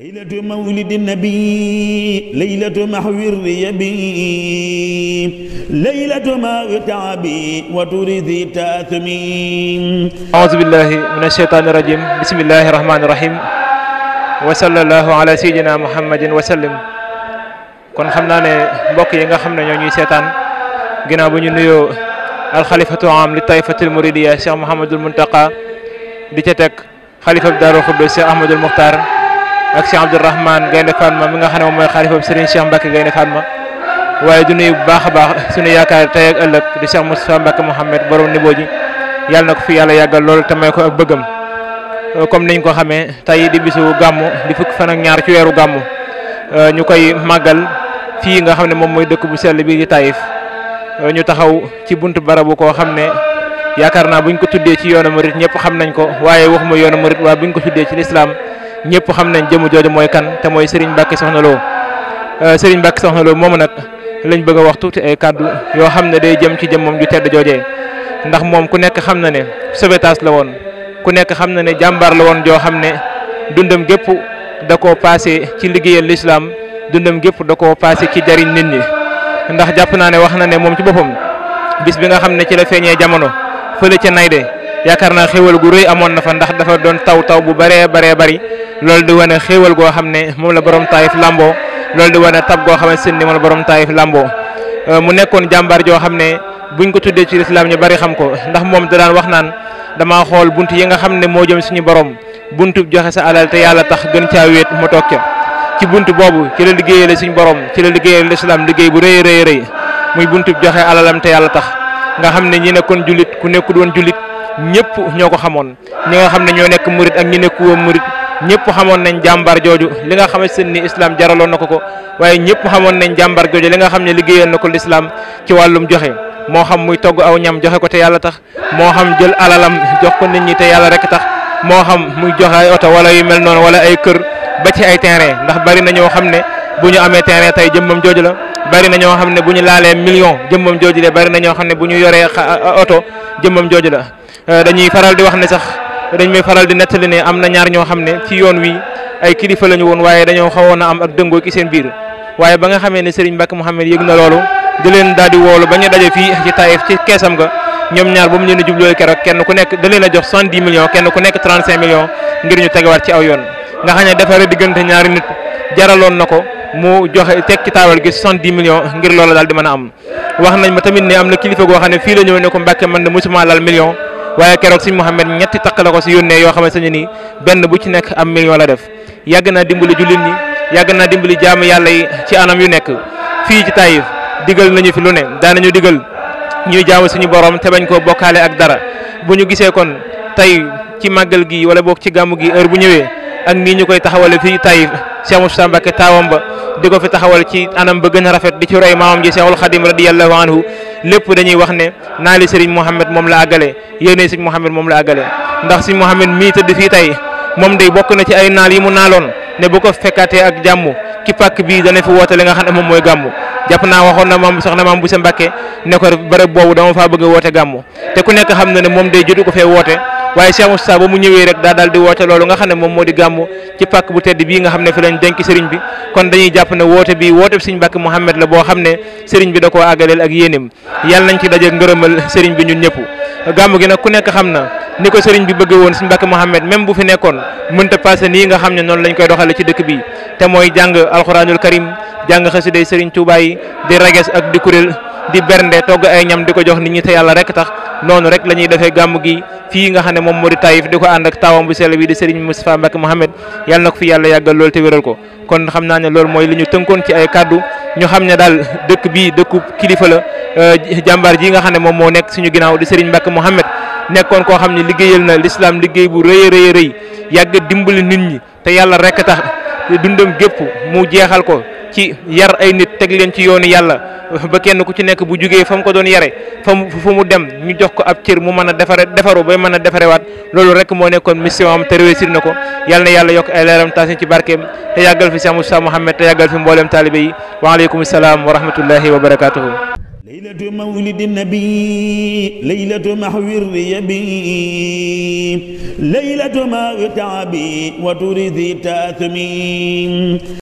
laylatu mawlidi nabi laylatu mahwi riyabi laylatu mahwi taabi wa turidi taatumi aouzu billahi min asheytaani rajim bismillahi rahmaani rahim wa sallallahu ala sayyidina muhammadin wa sallim kon xam naa ne mbokk yi nga xam ne ñoo ñuy seetaan ginnaaw bu ñu nuyoo alxalifatu am li tayfatil muridiya cheikh mouhamadul muntaqa di ca teg xalifab daaru xuddo cheikh ahmadul muxtaar ak Cheikh Abdou Rahman Gaynde Fatma mi nga xam ne moom mooy xalifa bi Serigne Cheikh Mbacke Gaynde Fatma waaye du nuyu bu baax a baax suñu yaakaar tey ak ëllëg di Cheikh Moustapha Mbacke Mouhamed borom niveau ji yàlla na ko fi yàlla yàggal loolu te may ko ak bëggam comme niñ ko xamee tey di bisu gàmmu di fukk fan ñaar ci weeru gàmmu ñu koy màggal fii nga xam ne moom mooy dëkk bu sell bi di Taïf ñu taxaw ci buntu barabu koo xam ne yaakaar naa buñ ko tuddee ci yoonu ñëpp xam nañ ko waaye waxuma yoonu murit waaye buñ ko tuddee ci lislaam ñëpp xam nañ jëmu jooju mooy kan te mooy Serigne Mbacke Soxna Lo euh, Serigne Mbacke Soxna Lo moomu nag lañ bëgg a wax tuuti ay kàddu yoo xam ne day jëm ci jëm moom ju tedd joojee ndax moom ku nekk xam na ne sauvetage la woon ku nekk xam na ne jàmbaar la woon joo xam ne dundam gépp da ko passé ci liggéeyal lislaam dundam gépp da koo passé ci jariñ nit ñi ndax jàpp naa ne wax na ne moom ci boppam bis bi nga xam ne ci la feeñee jamono fële ca Naydé yaakaar naa xéewal gu rëy amoon na fa ndax dafa doon taw taw bu bëree baree bëri loolu di wane xéewal goo xam ne moom la borom taayif lamboo loolu di wane tab goo xamante ne moom la borom taayif lamboo euh, mu nekkoon jàmbaar joo xam ne buñ ko tuddee ci lislaam ñu bari xam ko ndax moom da daan wax naan damaa xool bunt yi nga xam ne moo ñu suñu borom buntu joxe sa alal te yàlla tax gën caa wéet ma toog ca ci bunt boobu ci la liggéeyale suñu borom ci la liggéeyal lislaam liggéey bu rëy rëy rëy muy buntu joxe alalam te yàlla tax nga xam ne ñi ñëpp ñoo ko xamoon ñi nga xam ne ñoo nekk murit ak ñi nekk woon murit ñëpp xamoon nañ jàmbar jooju li nga xam ne ni islaam jaraloon na ko ko waaye ñëpp xamoon nañ jàmbar jooju li nga xam ne liggéeyal na ko lislaam ci wàllum joxe moo xam muy togg aw ñam joxe ko te yàlla tax moo xam jël alalam jox ko nit ñi te yàlla rek tax moo xam muy joxe ay oto wala yu mel noonu wala ay kër ba ci ay terrain ndax bari na ñoo xam ne bu ñu amee terrain tey jëmmam jooju la bari na ñoo xam ne bu ñu laalee million jëmmam jooju la bari na ñoo xam ne bu ñu yoree oto jëmmam jooju la Euh, dañuy faral di wax ne sax dañ may faral di nettali ne am na ñaar ñoo xam ne ci yoon wi ay kilifa lañu woon waaye dañoo xawoon a am ak dëngoo ci seen biir waaye ba nga xamee ne Serigne Mbacke Mouhamed yëg na loolu di leen woolu ba ñu daje fii ci Taïf ci keesam ga ñoom ñaar ba mu leen a jubloo keroog kenn ku nekk da a jox soixante-dix millions kenn ku nekk trente-cinq millions ngir ñu tegawaat ci aw yoon nga xam ne defaree na ko di mën a am wax nañ waaye keroog si Mouhamed ñetti takk la ko si yónnee yoo xamante ne ni benn bu ci nekk am million la def yàgg naa dimbali jullit ñi yàgg naa dimbali jaamu yàlla yi ci anam yu nekk fii ci tay digal nañu fi lu ne daanañu digal ñuy jaamu suñu borom te bañ koo bokkaale ak dara bu ñu gisee kon tey ci màggal gi wala boog ci gàmm gi heure bu ñëwee ak nii ñu koy taxawale fii Taïf Cheikh Moustapha Mbacké taawam ba di ko fi taxawal ci anam ba gën a rafet di ci roy maamam ji Seexul Xadim radiyallahu anhu lépp dañuy wax ne naa li Serigne moom la àggale yéene Serigne Mohamed moom la àggale ndax Serigne Mohamed mii tëdd fii tey moom day bokk na ci ay naal yi mu naaloon ne bu ko fekkatee ak jàmm ci pàkk bii dana fi woote li nga xam ne moom mooy gàmmu jàpp naa waxoon na maam soxna maam bu sa Mbàkke ne ko boobu dama faa bëgg a woote gàmmu te ku nekk xam ne moom waaye si Cheikh sa ba mu ñëwee rek daa daal di woote loolu nga xam ne moom moo di gàmmu ci pàkk bu tedd bii nga xam ne fi lañ denc sëriñ bi kon dañuy jàpp ne woote bi woote bi sëriñ Mbàkke Mouhamed la boo xam ne sëriñ bi da koo àggaleel ak yéenem yàlla nañ ci daje ngërëmal sëriñ bi ñun ñëpp gàmmu gi nag ku nekk xam na ni ko sëriñ bi bëgg woon sëriñ Mbàkke Mouhamed même bu fi nekkoon mënta passé nii nga xam ne noonu lañ koy doxale ci dëkk bi te mooy jàng alxuraanul karim jàng xasiday sëriñ Tuubaa yi di reges ak di kuréel di bernde togg ay ñam di ko jox nit ñi te yàlla rek tax noonu rek la ñuy defee gàmmu gi fii nga xam ne moom moo di Taïf di ko ànd ak taawam sell bi di Serigne Moustapha Mbacke Mohamed yàlla na ko fi yàlla yàggal loolu te wéral ko kon xam naa ne loolu mooy li ñu tënkoon ci ay kàddu ñu xam ne daal dëkk bii dëkku kilifa la euh, jàmbaar ji nga xam ne moom moo nekk suñu ginnaaw di Serigne Mbacke Mohamed nekkoon koo xam ne liggéeyal na lislaam liggéey bu rëy rëy rëy yàgg dimbali nit ñi te yàlla rek tax dundam gépp mu jeexal ko ci yar ay nit teg ci yoonu yàlla ba kenn ku ci nekk bu jugee fa mu ko doon yare fa mu fu mu dem ñu jox ko ab cër mu mën a defare defaru bay mën a defarewaat loolu rek moo nekkoon mission am te réussir na ko yàlla na yàlla yokk ay leeram taasin ci barkeem te yàggal fi Cheikh Moussa Mouhamed te yàggal fi mboolem taalibe yi waaleykum salaam wa rahmatullahi wa barakatuhu laylatu mawlidi nabi laylatu mahwirriya bi laylatu ma wita bi wa turidi taatami